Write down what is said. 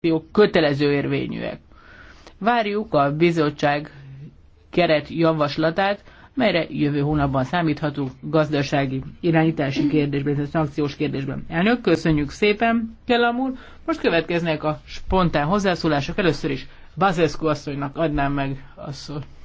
szankciók kötelező érvényűek. Várjuk a bizottság keret javaslatát, melyre jövő hónapban számíthatunk gazdasági irányítási kérdésben, tehát szankciós kérdésben. Elnök, köszönjük szépen, Kellam úr. Most következnek a spontán hozzászólások. Először is Bazescu asszonynak adnám meg a szót.